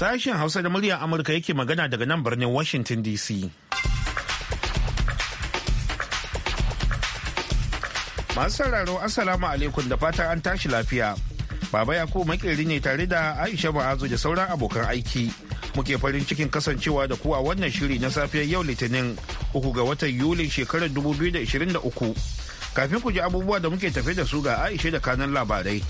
Sashen Hausa da muryar Amurka yake magana daga nan birnin Washington DC. Masu sauraro Assalamu alaikum da fatan an tashi lafiya. Baba Yakubu makeri ne tare da Aisha Ma'azu da sauran abokan aiki. Muke farin cikin kasancewa da ku a wannan shiri na safiyar yau Litinin uku ga watan Yulin shekarar 2023. Kafin ku ji abubuwa da muke tafe da su ga Aisha da kanan labarai.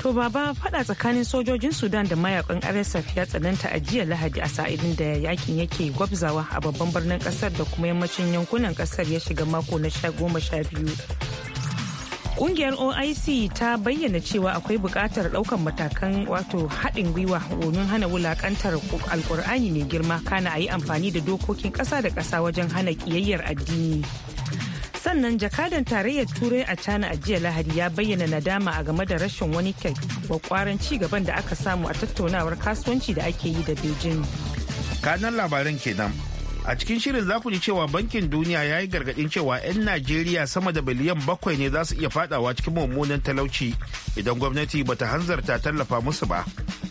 To baba fada tsakanin sojojin Sudan da mayakan RSF ya tsananta a jiya Lahadi a sa'idin da yakin yake gwabzawa a babban birnin kasar da kuma yammacin yankunan kasar ya shiga mako na sha goma sha biyu. Kungiyar OIC ta bayyana cewa akwai buƙatar ɗaukar matakan wato haɗin gwiwa domin hana wulaƙantar alƙur'ani mai girma kana a yi amfani da dokokin ƙasa da ƙasa wajen hana ƙiyayyar addini. sannan jakadan tarayyar turai a cana a jiya lahadi ya bayyana nadama a game da rashin wani kai kwakwaran ci gaban da aka samu a tattaunawar kasuwanci da ake yi da beijing kanan labaran kenan a cikin shirin za ku ji cewa bankin duniya ya yi gargadin cewa 'yan najeriya sama da biliyan bakwai ne za su iya fadawa cikin mummunan talauci idan gwamnati bata hanzarta tallafa musu ba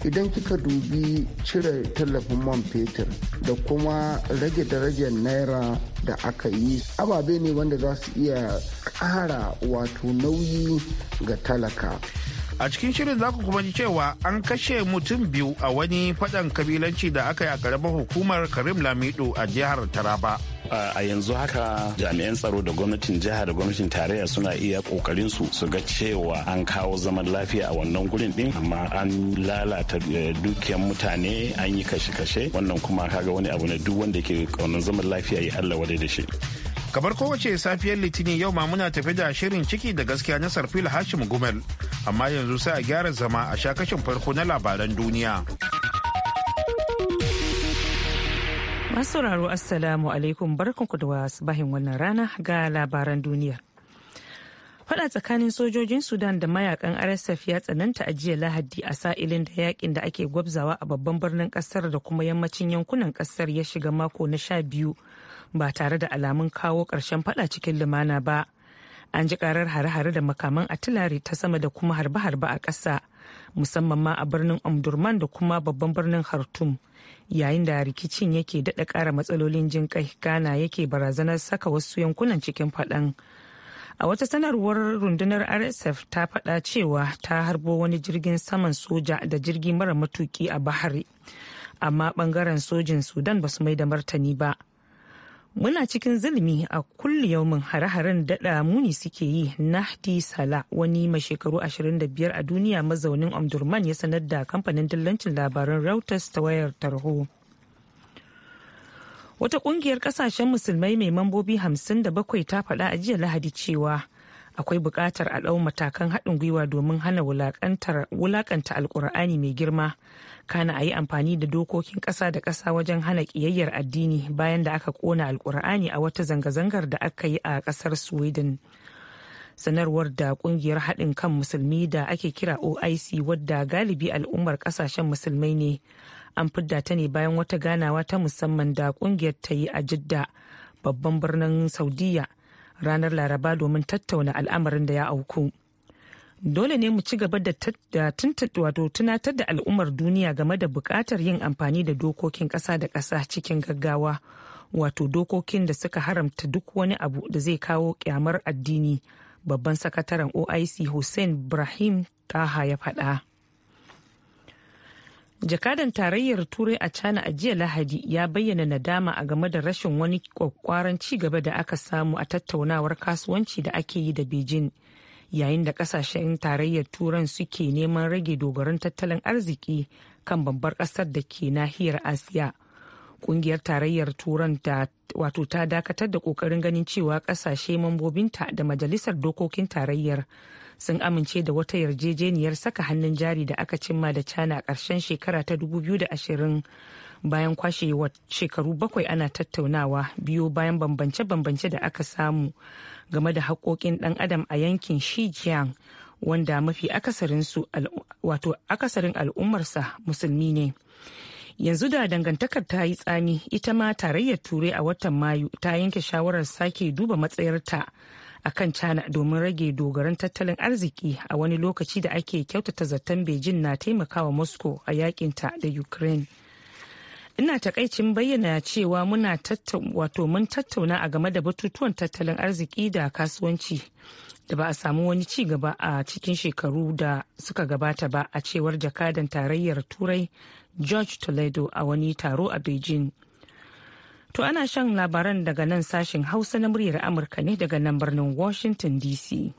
idan kika dubi cire tallafin man fetur da kuma rage darajar naira da aka yi ababe ne wanda za su iya ƙara wato nauyi ga talaka a cikin shirin za ku kuma ji cewa an kashe mutum biyu a wani faɗan kabilanci da aka yi a karamar hukumar karim lamido a jihar taraba a yanzu haka jami'an tsaro da gwamnatin jihar da gwamnatin tarayya suna iya kokarin su su ga cewa an kawo zaman lafiya a wannan gurin din amma an lalata eh, dukiyar mutane an yi kashe-kashe wannan kuma kaga wani abu ne duk wanda ke kaunar zaman lafiya ya Allah wadai da shi kamar kowace safiyar litinin yau ma muna tafi da shirin ciki da gaskiya na sarfil hashim gumel amma yanzu sai a gyara zama a sha kashin farko na labaran duniya. Masu sauraro Assalamu alaikum barkanku da wasu bahin wannan rana ga labaran duniya fada tsakanin sojojin sudan da mayakan rsf ya tsananta a jiya lahadi a sa'ilin da yakin da ake gwabzawa a babban birnin kasar da kuma yammacin yankunan kasar ya shiga mako na sha biyu ba tare da alamun kawo ƙarshen fada cikin lumana ba an ji karar hare-hare da makaman atilari ta sama da kuma harbe-harbe a ƙasa musamman ma a birnin omdurman da kuma babban birnin khartoum yayin da rikicin yake daɗa ƙara matsalolin jin kai ghana yake barazanar saka wasu yankunan cikin faɗan a wata sanarwar rundunar rsf ta faɗa cewa ta harbo wani jirgin saman soja da jirgi mara matuki a bahari amma bangaren sojin sudan ba su mai da martani ba muna cikin zulmi a kulli yaumin hare-haren daɗa muni suke yi nahdi sala wani mai shekaru 25 a duniya mazaunin omdurman ya sanar da kamfanin dillancin labaran reuters ta wayar tarho wata ƙungiyar ƙasashen musulmai mai mambobi 57 ta faɗa a jiya lahadi cewa akwai buƙatar a ɗau matakan haɗin gwiwa domin hana wulaƙanta alƙur'ani mai girma kana a yi amfani da dokokin ƙasa da ƙasa wajen hana ƙiyayyar addini bayan da aka ƙona alkur'ani a wata zanga-zangar da aka yi a ƙasar sweden sanarwar da ƙungiyar haɗin kan musulmi da ake kira oic wadda galibi al'ummar ƙasashen musulmai ne an fidda ta ne bayan wata ganawa ta musamman da ƙungiyar ta yi a jidda babban birnin saudiya ranar laraba domin tattauna al'amarin da ya auku. dole ne mu ci gaba da wato tunatar da al'ummar duniya game da buƙatar yin amfani da dokokin ƙasa da ƙasa cikin gaggawa wato dokokin da suka haramta duk wani abu da zai kawo kyamar addini babban sakataren oic hussein brahim taha ya faɗa. jakadan tarayyar turai a china a jiya lahadi ya bayyana nadama a game da rashin wani ci gaba da aka samu a tattaunawar kasuwanci da ake yi da beijing yayin da kasashen tarayyar turan suke neman rage dogaron tattalin arziki kan babbar kasar da ke nahiyar asiya kungiyar tarayyar turan ta wato ta dakatar da kokarin ganin cewa kasashe mambobinta da majalisar dokokin tarayyar sun amince da wata yarjejeniyar saka hannun jari da aka cimma da cana a ƙarshen shekara ta 2020 bayan kwashe shekaru bakwai ana tattaunawa biyo bayan bambance-bambance da aka samu game da haƙoƙin ɗan adam a yankin Xinjiang wanda mafi akasarin al'ummarsa musulmi ne. Yanzu da dangantakar ta yi tsami ita ma tarayyar turai a watan Mayu ta yanke shawarar sake duba matsayarta a kan China domin rage dogaran tattalin arziki a wani lokaci da ake kyautata zaton Beijing na taimakawa Moscow a yakinta da Ukraine. ina takaicin bayyana cewa muna wato mun tattauna a game da batutuwan tattalin arziki da kasuwanci da ba a samu wani ci gaba a cikin shekaru da suka gabata ba a cewar jakadan tarayyar turai george toledo a wani taro a beijing to ana shan labaran daga nan sashen hausa na muryar amurka ne daga nan birnin washington dc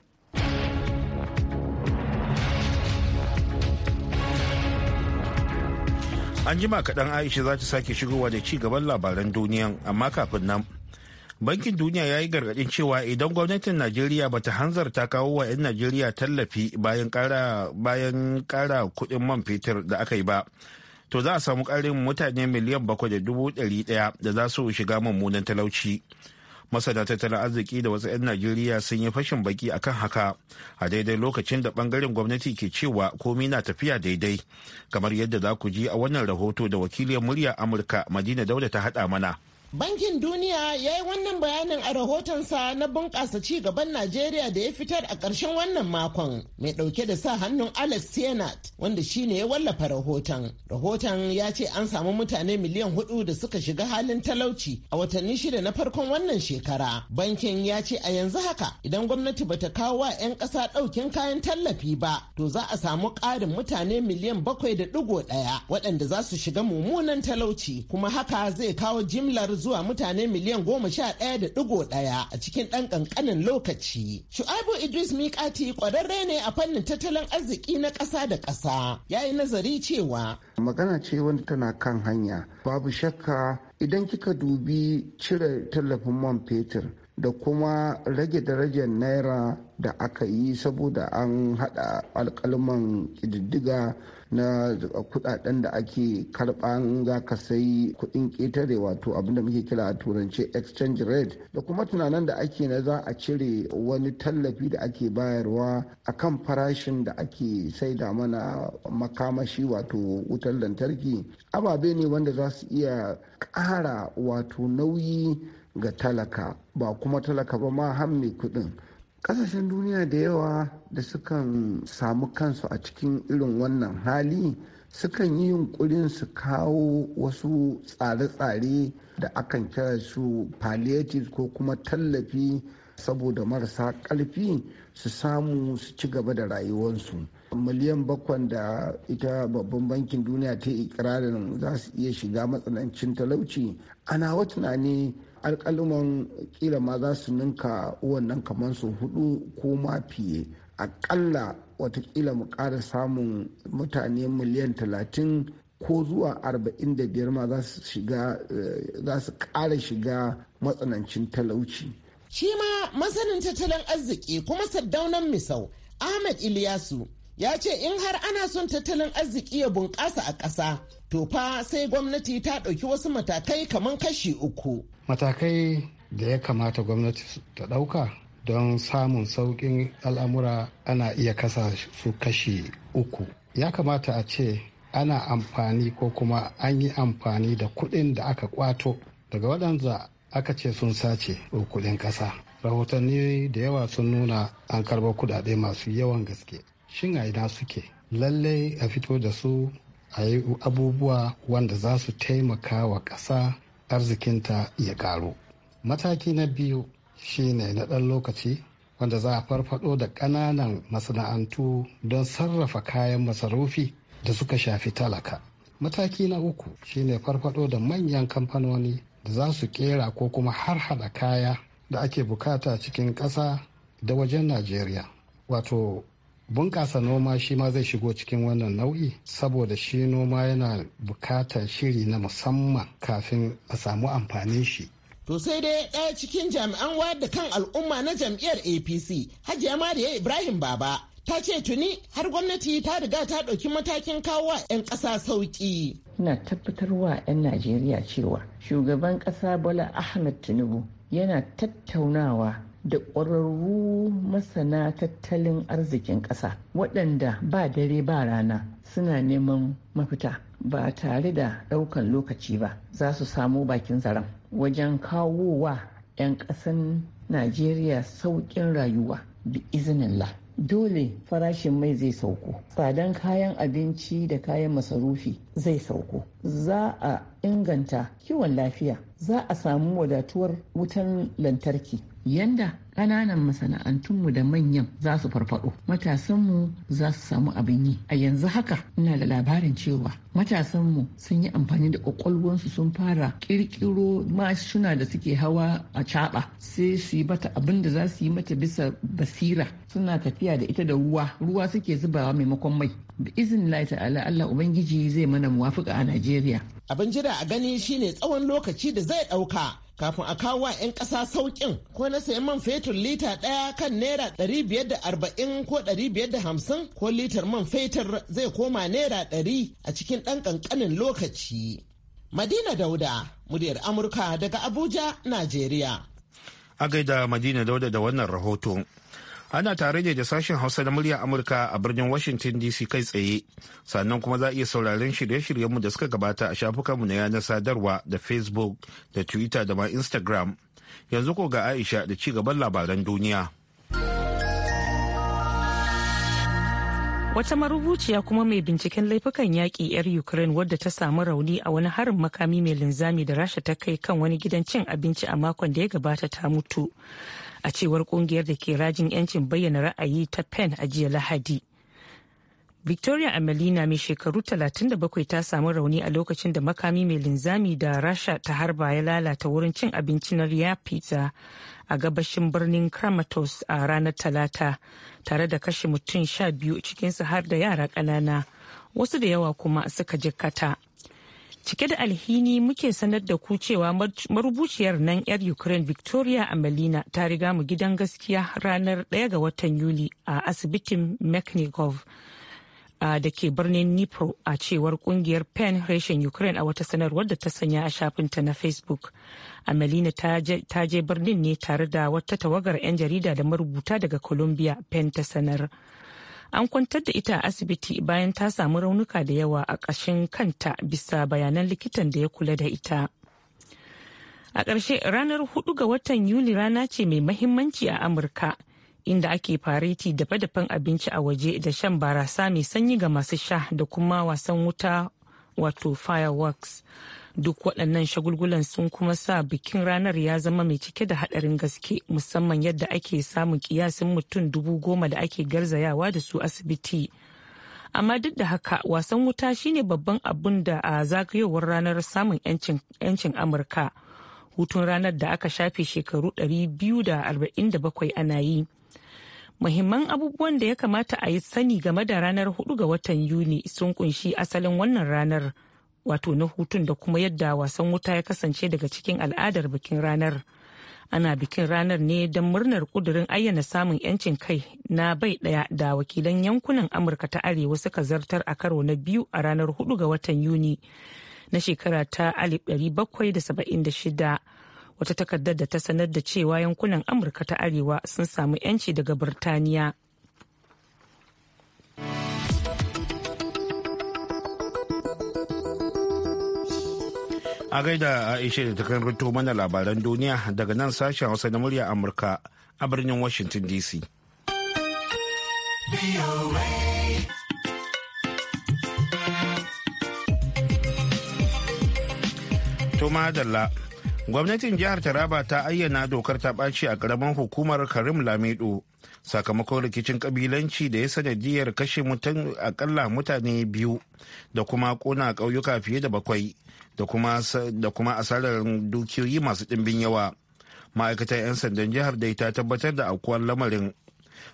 An jima kaɗan Aisha za ta sake shigowa da ci gaban labaran duniyan amma kafin nan. Bankin Duniya ya yi gargaɗin cewa idan gwamnatin Najeriya ba ta hanzarta kawo wa 'yan Najeriya tallafi bayan ƙara bayan kuɗin man fetur da aka yi ba. To za a samu ƙarin mutane miliyan bakwai da dubu ɗari ɗaya da za su shiga mummunan talauci. masana tattalin arziki da wasu 'yan najeriya sun yi fashin baki akan haka a daidai lokacin da bangaren gwamnati ke cewa komi na tafiya daidai kamar yadda za ku ji a wannan rahoto da wakiliyar murya amurka madina dauda ta haɗa mana Bankin Duniya ya yi wannan bayanin a rahotonsa na bunƙasa ci gaban Najeriya da ya fitar a ƙarshen wannan makon mai ɗauke da sa hannun Alex Sienat wanda shi ne ya wallafa rahoton. Rahoton ya ce an samu mutane miliyan hudu da suka shiga halin talauci a watanni shida na farkon wannan shekara. Bankin ya ce a yanzu haka idan gwamnati bata kawo wa 'yan ƙasa ɗaukin kayan tallafi ba to za a samu ƙarin mutane miliyan bakwai da ɗigo ɗaya waɗanda za su shiga mummunan talauci kuma haka zai kawo jimlar zuwa mutane miliyan goma sha ɗaya da ɗigo ɗaya a cikin ɗan ƙanƙanin lokaci. Shu'aibu Idris Mikati ƙwararre ne a fannin tattalin arziki na ƙasa da ƙasa ya yi nazari cewa. Magana ce wanda tana kan hanya babu shakka idan kika dubi cire tallafin man fetur da kuma rage darajar naira da aka yi saboda an haɗa alkalman ƙididdiga na kudaden da ake karban za ka sai kudin ketare wato abin muke kira a turance exchange rate da kuma tunanin da ake na za a cire wani tallafi da ake bayarwa a kan farashin da ake saida mana makamashi wato wutar lantarki ababe ne wanda za su iya kara wato nauyi ga talaka ba kuma talaka ba ma hamme kudin kasashen duniya da yawa da sukan samu kansu a cikin irin wannan hali sukan yi yunkurin su kawo wasu tsare-tsare da akan kira su palliative ko kuma tallafi saboda marasa ƙarfi su samu su ci gaba da rayuwarsu miliyan bakwan da ita babban bankin duniya ta ikirarin za su iya shiga matsanancin talauci ana wa tunani alkaluman kila ma za su ninka wannan kamar su hudu ko ma fiye akalla watakila mu ƙara samun mutane miliyan talatin ko zuwa arba'in da biyar ma za su eh, ƙara shiga matsanancin talauci. shi ma masanin tattalin arziki kuma saddaunan misau ahmed iliyasu ya ce in har ana son tattalin arziki ya bunƙasa a ƙasa to fa sai gwamnati ta ɗauki wasu matakai kamar kashi uku. Matakai da ya kamata gwamnati ta ɗauka don samun sauƙin al'amura ana iya kasa su kashi uku. Ya kamata a ce ana amfani ko kuma an yi amfani da kuɗin da aka kwato daga waɗanda aka ce sun sace kuɗin ƙasa. Rahotanni da yawa sun nuna an karɓar kuɗaɗe masu yawan gaske. Shin a ina suke? Lallai a fito da su a yi abubuwa wanda za su taimaka wa ƙasa arzikinta ya ƙaru mataki na biyu shine na ɗan lokaci wanda za a farfado da ƙananan masana'antu don sarrafa kayan masarufi da suka shafi talaka mataki na uku shine farfado da manyan kamfanoni da za su ƙera ko kuma har hada kaya da ake bukata cikin ƙasa da wajen najeriya wato bunƙasa noma shi ma zai shigo cikin wannan nau'i saboda shi noma yana bukatar shiri na musamman kafin a samu amfanin shi To sai dai ɗaya cikin jami'an wayar da kan al'umma na jam'iyyar APC, Hajiya Mariya Ibrahim Baba, ta ce tuni har gwamnati ta riga ta ɗauki matakin kawo wa 'yan ƙasa sauƙi. Ina wa 'yan Najeriya cewa shugaban ƙasa Bola Ahmed Tinubu yana tattaunawa da ƙwararru masana tattalin arzikin ƙasa waɗanda ba dare ba rana suna neman mafita ba tare da ɗaukan lokaci ba za su samu bakin zaren wajen kawowa 'yan ƙasan najeriya sauƙin rayuwa bi la dole farashin mai zai sauko tsadan kayan abinci da kayan masarufi zai sauko za a inganta kiwon lafiya za a samu wadatuwar wutan lantarki yanda ƙananan masana'antunmu da manyan za su farfado matasanmu za su samu abin yi a yanzu haka ina da labarin cewa matasanmu sun yi amfani da ƙwaƙwalwansu sun fara ƙirƙiro mashina da suke hawa a caɓa sai su yi bata abin da za su yi mata bisa basira suna tafiya da ita da ruwa ruwa suke zubawa maimakon mai da izin laita ala Allah Ubangiji zai mana muwafuka a Najeriya. Abin jira a gani shine tsawon lokaci da zai ɗauka kafin a kawo wa 'yan ƙasa sauƙin ko na sayan man fetur lita ɗaya kan naira ɗari arba'in ko ɗari da hamsin ko litar man fetur zai koma naira ɗari a cikin ɗan ƙanƙanin lokaci. Madina Dauda, muryar Amurka daga Abuja, Najeriya. A gaida Madina Dauda da wannan rahoton. ana tare ne da sashen hausa da murya amurka a birnin washington dc kai tsaye sannan kuma za a iya sauraren shirye-shiryenmu da suka gabata a shafukanmu na yanar sadarwa da facebook da twitter da ma instagram yanzu ko ga aisha da ci gaban labaran duniya wata marubuciya kuma mai binciken laifukan yaƙi 'yar ukraine wadda ta samu rauni a wani harin makami mai linzami da rasha ta kai kan wani gidan cin abinci a makon da ya gabata ta mutu a cewar kungiyar da ke rajin 'yancin bayyana ra'ayi ta pen a jiya lahadi victoria amelina mai shekaru 37 ta samu rauni a lokacin da makami mai linzami da rasha ta harba ya lalata wurin cin abinci na riya pizza a gabashin birnin kramatos a ranar talata tare da kashe mutum 12 cikinsu har da yara ƙanana wasu da yawa kuma suka jikkata. cike da alhini muke sanar da ku cewa marubuciyar nan 'yar ukraine victoria amelina ta riga mu gidan gaskiya ranar 1 ga watan yuli a asibitin meknikov da ke birnin nipro a cewar kungiyar pen reshen ukraine a wata sanarwar da ta sanya a shafinta na facebook amelina ta je birnin ne tare da wata tawagar 'yan jarida da marubuta daga columbia pen ta sanar an kwantar da ita a asibiti bayan ta samu raunuka da yawa a ƙashin kanta bisa bayanan likitan da ya kula da ita. A ƙarshe ranar 4 ga watan Yuli rana ce mai mahimmanci a Amurka, inda ake fareti dafe-dafen abinci a waje da shan barasa mai sanyi ga masu sha da kuma wasan wuta wato fireworks. duk waɗannan shagulgulan sun kuma sa bikin ranar ya zama mai cike da haɗarin gaske musamman yadda ake samun kiyasin mutum dubu goma da ake garzayawa da su asibiti amma duk da haka wasan wuta shine babban abun da a zagayowar ranar samun 'yancin amurka hutun ranar da aka shafe shekaru 247 ana yi muhimman abubuwan da ya kamata a yi sani game da ranar 4 ga watan yuni sun kunshi asalin wannan ranar wato na hutun da kuma yadda wasan wuta ya kasance daga cikin al'adar bikin ranar ana bikin ranar ne don murnar kudurin ayyana samun 'yancin kai na bai daya da wakilan yankunan amurka ta arewa suka zartar a karo na biyu a ranar 4 ga watan yuni na shekara ta 1776 wata takardar da ta sanar da cewa yankunan amurka ta arewa sun samu 'yanci daga birtaniya A gaida Aisha da takan rito mana labaran duniya daga nan sashen Hausa na murya Amurka a birnin Washington DC. Toma Dalla Gwamnatin jihar Taraba ta ayyana dokar ta ɓaci a ƙaramin hukumar Karim Lamido sakamakon rikicin kabilanci da ya sanadiyar kashe mutum akalla mutane biyu da kuma kona ƙauyuka fiye da bakwai da kuma asarar dukiyoyi masu ɗimbin yawa ma'aikatar 'yan sandan jihar dai ta tabbatar da aukuwar lamarin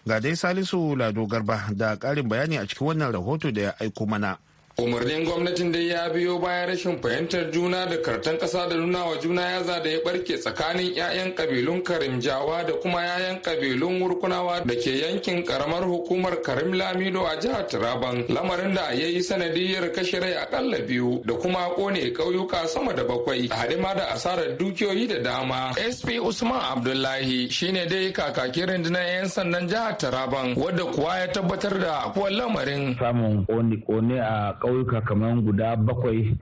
ga dai salisu lado garba da ƙarin bayani a cikin wannan rahoto da ya aiko mana umarnin gwamnatin dai ya biyo bayan rashin fahimtar juna da kartan ƙasa da nuna wa juna yaza da ya barke tsakanin 'ya'yan kabilun karimjawa da kuma 'ya'yan kabilun wurkunawa da ke yankin karamar hukumar karim lamido a jihar taraban lamarin da ya yi sanadiyar kashe rai akalla biyu da kuma kone ƙauyuka sama da bakwai hadima da asarar dukiyoyi da dama sp usman abdullahi shine dai kakakin rundunar 'yan sandan jihar taraban wadda kuwa ya tabbatar da kuwan lamarin samun kone a ƙauyuka kamar guda bakwai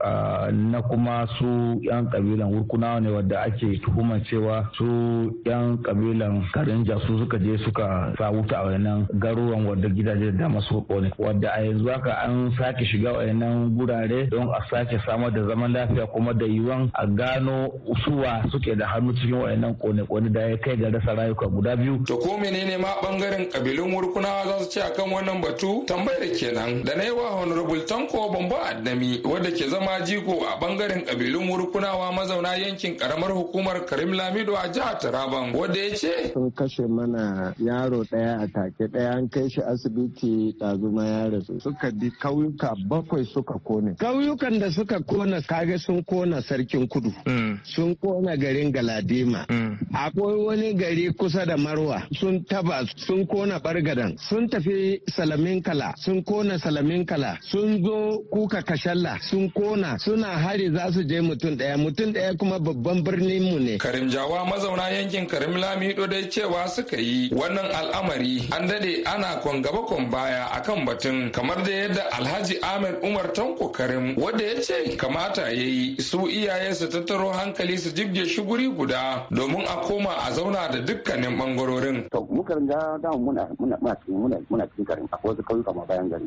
na kuma su 'yan kabilan wurkuna ne wadda ake tuhuma cewa su 'yan kabilan karinja su suka je suka sa wuta a wayannan garuruwan wadda gidaje da dama su ne wadda a yanzu haka an sake shiga wayannan gurare don a sake samar da zaman lafiya kuma da yiwan a gano suwa suke da hannu cikin wayannan kone-kone da ya kai ga rasa rayuka guda biyu. To ko menene ma bangaren kabilun wurkunawa za su ce akan wannan batu tambayar kenan da na yi wa honorable tanko ko bambo addami wadda ke zama jigo a bangaren kabilun wurkunawa mazauna yankin karamar hukumar karim lamido a jihar taraban wadda ya ce sun kashe mana yaro daya a take daya an kai shi asibiti ɗazuma ya rasu suka bi kauyuka bakwai suka kone kauyukan da suka kona kage sun kona sarkin kudu hmm. sun kona garin galadima hmm. akwai wani gari kusa da marwa sun taba sun kona bargadan sun tafi salamin kala sun kona salamin kala sun zo kuka kashalla sun kona suna hari za su je mutum daya mutum daya kuma babban birnin mu ne. Karimjawa mazauna yankin Karim Lamido dai cewa suka yi wannan al'amari an dade ana kon gaba kon baya akan batun kamar da yadda Alhaji Ahmed Umar Tanko Karim wanda ya ce kamata ya yi su iyaye su tattaro hankali su jibge shi guri guda domin a koma a zauna da dukkanin bangarorin. muna cikin karin a garin akwai wasu bayan gari.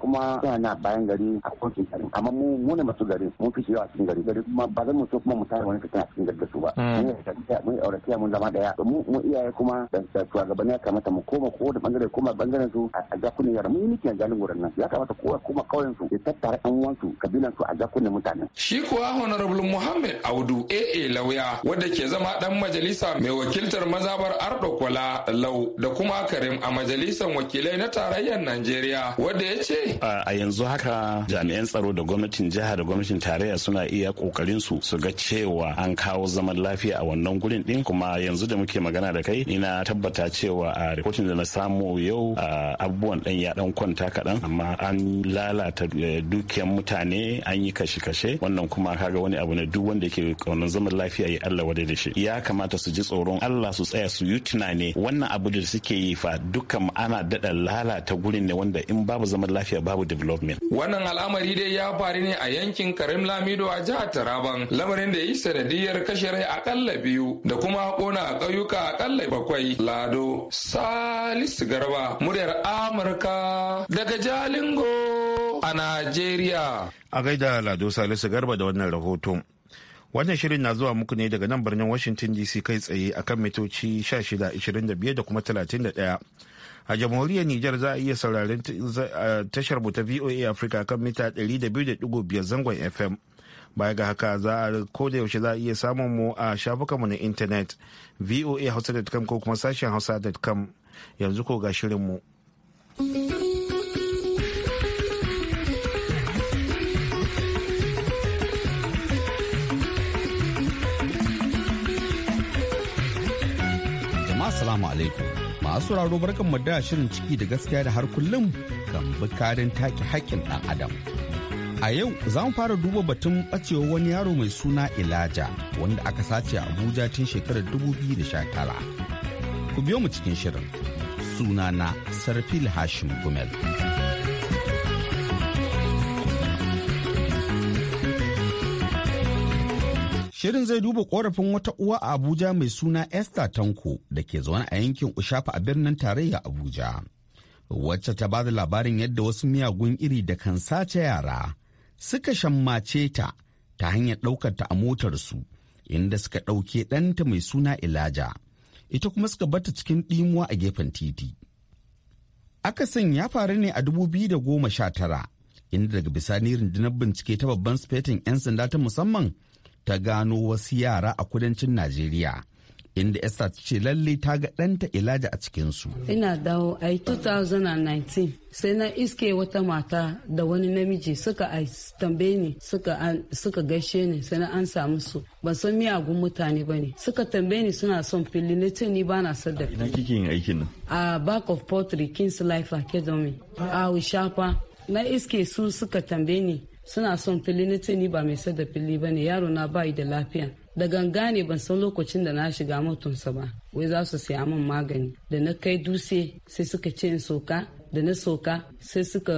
kuma na bayan gari. gari a kocin gari amma mu mu ne masu gari mun fi shiga a cikin gari gari kuma ba zan mu so kuma mu tare wani fitina a cikin gari da su ba mm. mun yi aure mun zama daya mu mu iyaye kuma da shugabanni ya kamata mu koma ko da bangare koma bangaren su a jakunan yara mun yi miki a jalin gurin nan ya kamata kowa kuma kauyen su ya tattara an wansu kabilan su a jakunan mutane. shi kuwa honorable muhammad audu aa lauya wadda ke zama dan majalisa mai wakiltar mazabar ardo kwala lau da kuma karim a majalisar wakilai na tarayyar najeriya wadda ya ce. a yanzu haka jami'an tsaro da gwamnatin jiha da gwamnatin tarayya suna iya kokarin su su ga cewa an kawo zaman lafiya a wannan gurin din kuma yanzu da muke magana da kai ina tabbata cewa a rikotin da na samu yau abubuwan dan ya dan kwanta kaɗan amma an lalata eh, dukiyan mutane an yi kashe-kashe wannan kuma kaga wani abu ne duk wanda ke kaunar zaman lafiya ya Allah wadai da shi ya kamata su ji tsoron Allah su tsaya su yi tunani wannan abu da suke yi fa dukkan ana daɗa lalata gurin ne wanda in babu zaman lafiya babu development wannan al'amari dai ya faru ne a yankin karim lamido a jihar taraban lamarin da ya yi sanadiyar kashe rai akalla biyu da kuma kona a ƙauyuka akalla bakwai lado salisu garba muryar amurka daga jalingo a najeriya a gaida lado salisu garba da wannan rahoto wannan shirin na zuwa muku ne daga nan birnin washington dc kai tsaye akan mitoci 16 25 da kuma 31 a jamhuriyar Nijar za a iya sauraren tashar mu ta VOA Africa kan mita 200.5 zangon FM. Baya ga haka za a koda yaushe za a iya samun mu a shafukanmu na intanet voahausa.com ko kuma sashen hausa.com yanzu ko ga shirinmu. Jama'a salamu alaikum. masu sauraro barkan mu da shirin ciki da gaskiya da har kullum kan bukarin take haƙƙin ɗan adam a yau za mu fara duba batun ɓacewar wani yaro mai suna ilaja wanda aka sace a abuja tun shekarar 2019 ku biyo mu cikin shirin sunana sarfil hashim gumel. Shirin zai duba korafin wata uwa a Abuja mai suna Esther Tanko da ke zaune a yankin Ushafa a birnin tarayya Abuja. Wacce ta ba da labarin yadda wasu miyagun iri da kan sace yara suka shammace ta ta hanyar ɗaukar ta a motarsu inda suka ɗauke ɗanta mai suna Ilaja. Ita kuma suka bata cikin ɗimuwa a gefen titi. Akasin ya faru ne a dubu biyu da goma sha tara inda daga bisani rundunar bincike ta babban sufetin 'yan sanda ta musamman ta gano wasu yara a kudancin Najeriya. Inda Esther ta ce lalle ta ga ɗanta ilaja a cikinsu. Ina dawo a 2019 sai na iske wata mata da wani namiji suka a tambe ni suka gaishe ni sai na an samu su ban san miyagun mutane ba ne suka tambe ni suna son fili na ce ni ba na sadar. Ina kike yin aikin nan? A back of pottery King's Life Academy a Wishafa na iske su suka tambe ni suna son fili na tuni ba mai sada fili ba ne yaro na bayi da lafiya da ganga ne ban san lokacin da na shiga motonsa ba wai za su siya min magani da na kai dutse sai suka ce in soka da na soka sai suka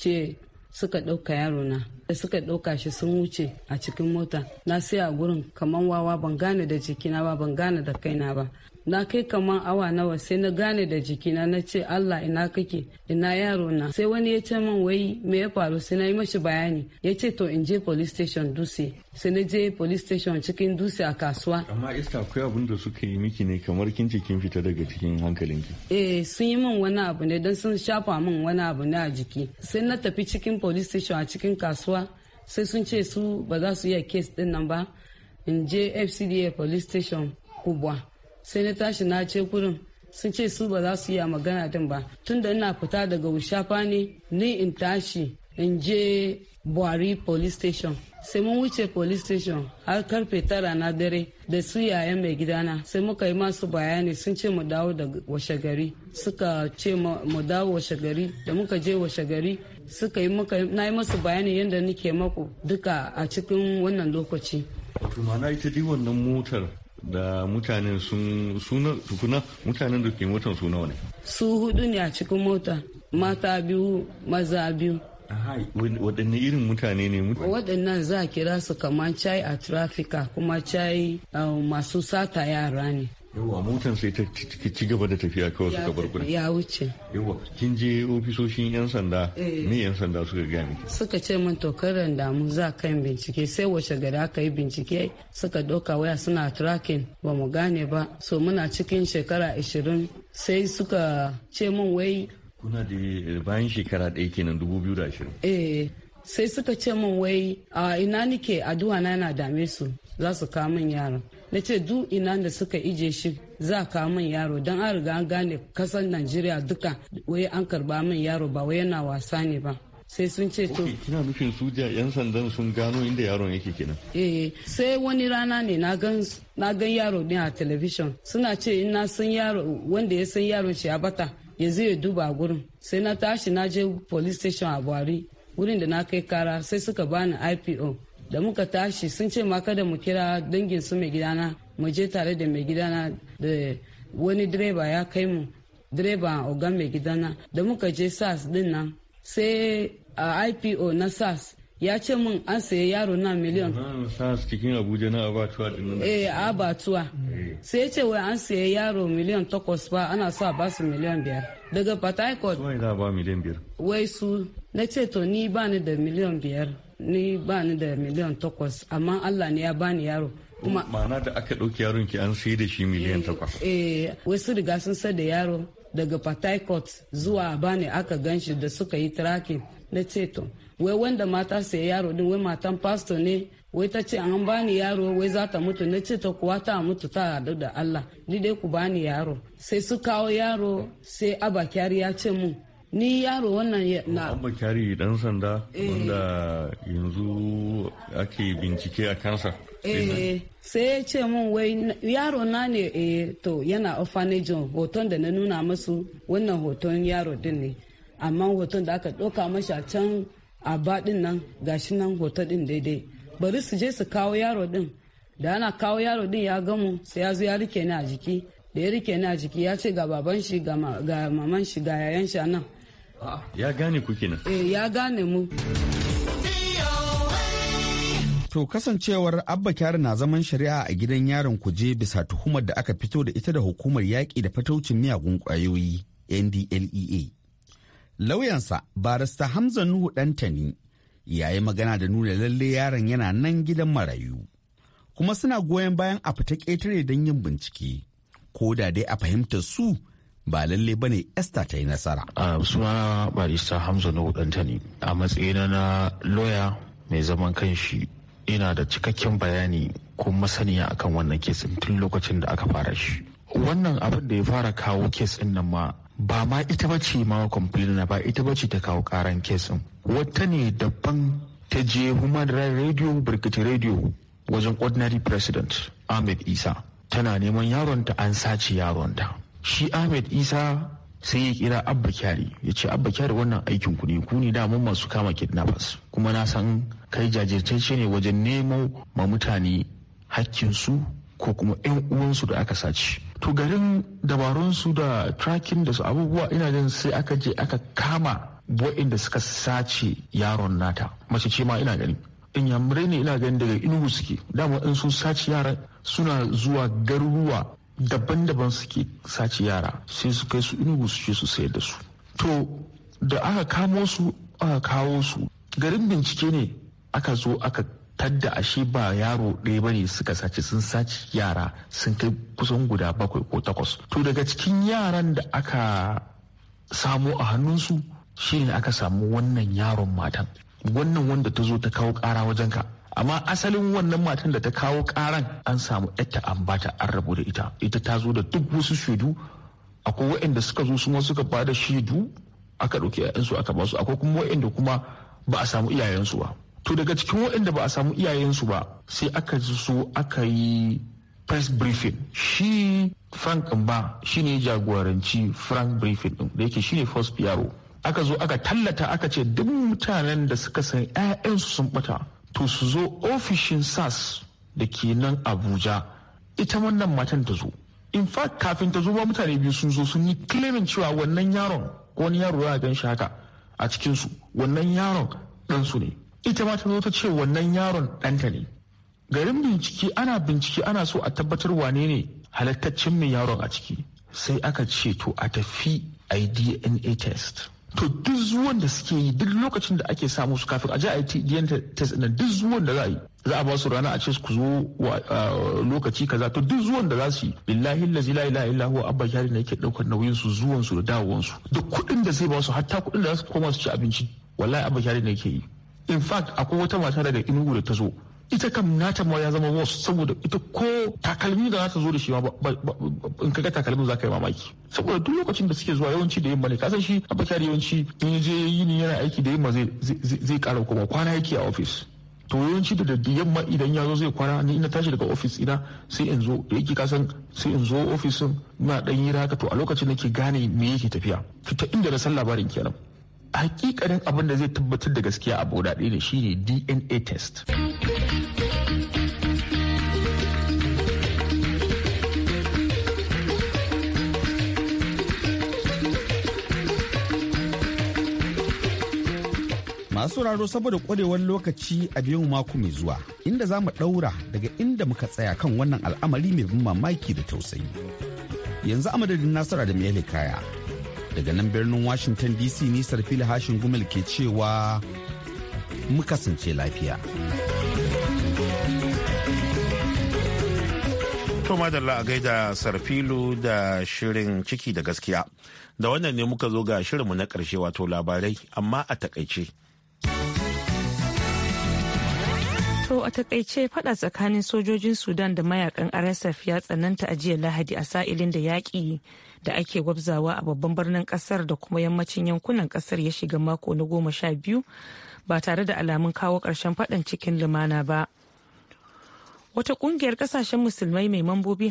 ce suka ɗauka yaro na da suka ɗauka shi sun wuce a cikin mota na sai a gurin kamar wawa ban gane da jikina ba ban gane da kaina ba na kai kaman awa nawa sai na gane da jikina na ce Allah ina kake ina yaro na sai wani ya ce min wai me ya faru sai na yi mashi bayani ya ce to in je police station dutse sai na je police station cikin dutse a kasuwa amma iska akwai abin da suka yi miki ne kamar kin ce kin fita daga cikin hankalinki eh sun yi min wani abu ne don sun shafa min wani abu ne a jiki sai na tafi cikin police station a cikin kasuwa sai sun ce su ba za su iya kes din nan ba in je fcda police station kubwa sai na tashi na ce kurin sun ce su ba za su yi magana din ba tunda ina fita daga wushafa ne ni in tashi in je buhari police station sai mun wuce police station har karfe tara na dare da su yayan mai gidana sai muka yi masu bayani sun ce mu dawo da washe gari suka ce mu dawo washe gari da muka je washe gari suka yi muka na yi masu bayani yadda nike maku duka a cikin wannan lokaci wato ita diwa'n wannan motar da mutanen sun suna mutanen da ke motar su nawa ne su hudu ne a cikin mota mata biyu maza biyu waɗanne irin mutane ne waɗannan za a kira su kamar chai a trafika kuma chai eh, masu sata yara ne yawa motan sai ta ci gaba da tafiya kawai suka bar gurin ya wuce yawa kin je ofisoshin yan sanda eh. me yan sanda suka gaya miki suka ce min to karan mu za kan bincike sai wace gari aka yi bincike suka doka waya suna tracking ba mu gane ba so muna cikin shekara 20 sai suka ce min wai kuna da eh, bayan shekara ɗaya kenan 2020 eh sai suka ce min wai a ina nike addu'a na na dame su za su kawo min yaron na ce duk ina da suka ije shi za ka min yaro don an riga an gane kasar najeriya duka wai an karba min yaro ba wai yana wasa ne ba sai sun ce to kina nufin su yan sandan sun gano inda yaron yake kenan eh sai wani rana ne na gan na gan yaro ne a television suna ce in na san yaro wanda ya san yaron shi a bata ya ya duba gurin sai na tashi na je police station a buhari wurin da na kai kara sai suka bani ipo da muka tashi sun ce ma kada mu kira dangin su mai gidana mu je tare da mai gidana da wani direba ya kai mu direba ogan mai gidana da muka je sas din nan sai a ipo na sas ya ce min an sayi yaro na miliyan cikin abuja na abatuwa eh abatuwa eh. sai ce wai an sayi yaro miliyan takwas ba ana so a basu miliyan biyar daga patakot wai su na ce to ni ba ni da miliyan biyar ni ba ni da miliyan takwas amma allah ne ya bani yaro kuma ma'ana da aka ɗauki yaron ki an sai da shi miliyan takwas eh, eh wai su riga sun sai da yaro daga patakot zuwa bani aka ganshi da suka yi tracking na ce to wai wanda mata sai yaro din wai matan pastor ne wai ta ce an bani yaro wai za ta mutu na ce ta kuwa ta mutu ta hadu da Allah ni dai ku bani yaro sai su kawo yaro sai kyari ya ce mu ni yaro wannan na kyari dan sanda eh. wanda yanzu ake bincike a kansa eh sai ya ce mun wai yaro na ne eh to yana orphanage hoton da na nuna musu wannan hoton yaro din ne amma hoton da aka ɗauka masha a can a baɗin nan gashi nan hoto ɗin daidai bari su je su kawo yaro ɗin da ana kawo yaro ɗin ya gamu sai ya zo ya rike ni a jiki da ya rike ni a jiki ya ce ga baban shi ga maman shi ga yayan shi nan ya gane ku kenan eh ya gane mu To kasancewar Abba kyara na zaman shari'a a gidan yaron kuje bisa tuhumar da aka fito da ita da hukumar yaƙi da fataucin miyagun ƙwayoyi NDLEA. Lauyansa barista Hamza Nuhu ɗantani ya yi magana da nuna lalle yaron yana nan gidan marayu. Kuma suna goyon bayan a fita ƙetare don yin bincike, ko da dai a fahimtar su ba lalle ba ne Esther ta yi nasara. A suna barista Hamza Nuhu ɗantani a matsayina na lauya mai zaman kanshi ina da cikakken bayani ko masaniya akan wannan kesin tun lokacin da aka fara shi. Wannan abin da ya fara kawo kes ɗinnan nan ma ba ma ita ba ce ma na ba ita ba ce ta kawo karan kesin wata ne dabban ta je human rights radio birkiti radio wajen ordinary president ahmed isa tana neman yaronta an sace yaronta shi ahmed isa sai ya kira abba kyari ya ce abba kyari wannan aikin ku ne ku ne masu kama kidnappers kuma na san kai jajirtacce ne wajen nemo ma mutane hakkinsu ko kuma 'yan uwansu da aka sace to garin dabarunsu da tracking da su abubuwa ina jin sai aka je aka kama wa'inda suka sace yaron nata mace ce ma ina gani in yamurai ne ina gani daga inugu suke dama in sun sace yara suna zuwa garuruwa daban-daban suke sace yara sai su kai su inugu su ce su sayar da su to da aka kamo su aka kawo su garin bincike ne aka zo aka tadda ashe ba yaro ɗaya bane suka sace sun sace yara sun kai kusan guda bakwai ko takwas to daga cikin yaran da aka samu a hannunsu shi ne aka samu wannan yaron matan wannan wanda ta zo ta kawo ƙara wajen ka amma asalin wannan matan da ta kawo ƙaran an samu ita an bata an rabu da ita ita ta zo da duk wasu shaidu akwai waɗanda suka zo suma suka ba da shaidu aka ɗauki 'ya'yansu aka basu akwai kuma waɗanda kuma ba a samu iyayensu ba to daga cikin waɗanda ba a samu iyayensu ba sai aka ji so aka yi press briefing shi frank mba shine jagoranci frank briefing din da yake shine first yaro aka zo aka tallata aka ce duk mutanen da suka san 'ya'yansu sun bata to su zo ofishin sas da ke nan abuja ita wannan matan ta zo in fact kafin ta zo ba mutane biyu sun zo sun yi claiming cewa wannan yaron wani yaro ya gan shi haka a cikinsu wannan yaron ɗansu ne ita ma ta zo ta ce wannan yaron ɗanta ne garin bincike ana bincike ana so a tabbatar wane ne halittaccen mai yaron a ciki sai aka ce to a tafi a yi dna test to duk zuwan da suke yi duk lokacin da ake samu su kafin a ji a yi dna test ɗin duk zuwan da za a yi za a ba su rana a ce ku zo lokaci kaza to duk zuwan da za su yi billahi lazi la ilaha illa huwa abba jari ne yake daukar nauyin su zuwan su da dawowan su da kuɗin da zai ba su hatta kuɗin da za su koma su ci abinci wallahi abba jari ne yake yi in fact akwai wata mata daga inugu da ta zo ita kam nata ma ya zama wasu saboda ita ko takalmi da za ta zo da shi ma in ka ga takalmin za ka yi mamaki saboda duk lokacin da suke zuwa yawanci da yin ka kasan shi a bakari yawanci in je yi ni yana aiki da yamma zai kara kuma kwana yake a ofis to yawanci da daddi yamma idan ya zo zai kwana ni ina tashi daga ofis ina sai in zo da yake kasan sai in zo ofisin na dan yi haka to a lokacin nake gane me yake tafiya ta inda na san labarin kenan hakikanin abin da zai tabbatar da gaskiya a shi ne shine dna test masu raro saboda kwarewar lokaci a biyu mako mai zuwa inda za mu ɗaura daga inda muka tsaya kan wannan al'amari mai mamaki da tausayi yanzu amadadin nasara da mai kaya daga nan birnin washington dc nisar fili hashin gumel ke cewa mu kasance lafiya to da a gaida sarfilu da shirin ciki da gaskiya da wannan ne muka zo ga shirinmu na karshe wato labarai amma a takaice to a takaice fada tsakanin sojojin sudan da mayakan rsf ya tsananta a jiya lahadi a sa'ilin da yaƙi da ake gwabzawa a babban birnin kasar da kuma yammacin yankunan kasar ya shiga mako na goma sha biyu ba tare da alamun kawo ƙarshen faɗan cikin lumana ba. Wata kungiyar kasashen musulmai mai mambobi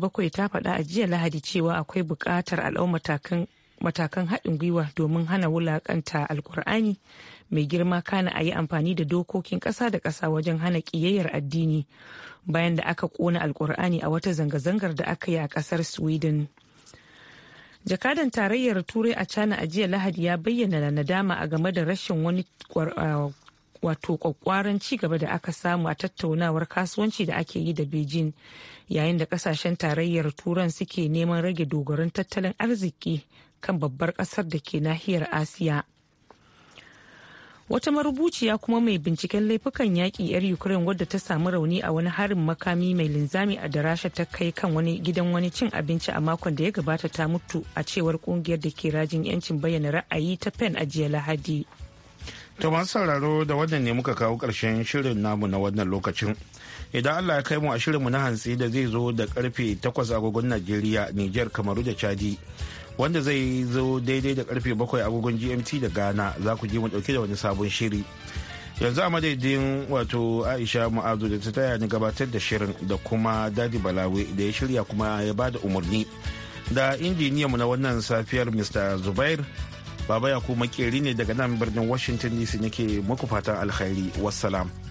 bakwai ta faɗa a jiya lahadi cewa akwai buƙatar al'au matakan haɗin gwiwa domin hana wulaƙanta alkur'ani mai girma kana a yi amfani da dokokin ƙasa da ƙasa wajen hana ƙiyayyar addini bayan da aka ƙona alkur'ani a wata zanga-zangar da aka yi a ƙasar sweden jakadan tarayyar turai a cana a jiya lahadi ya bayyana na nadama a game da rashin wani wato kwakwaran ci gaba da aka samu a tattaunawar kasuwanci da ake yi da beijing yayin da kasashen tarayyar turan suke neman rage dogarin tattalin arziki kan babbar kasar da ke nahiyar asiya wata marubuciya kuma mai binciken laifukan yaƙi 'yar ukraine wadda ta samu rauni a wani harin makami mai linzami a da rasha ta kai kan wani gidan wani cin abinci a makon da ya gabata ta mutu a cewar kungiyar da ke rajin 'yancin bayyana ra'ayi ta pen a jiya lahadi to masu sauraro da wannan ne muka kawo ƙarshen shirin namu na wannan lokacin idan allah ya kai mu a shirinmu na hantsi da zai zo da karfe 8 agogon najeriya niger kamaru da chadi wanda zai zo daidai da karfe bakwai agogon gmt da ghana za ku ji mu dauke da wani sabon shiri yanzu a madadin wato aisha ma'azu da ta taya ni gabatar da shirin da kuma dadi balawe da ya shirya kuma ya ba da umarni da injiniyanmu na wannan safiyar mr zubair baba ya kuma makeri ne daga nan birnin washington dc nake muku fatan alkhairi wassalam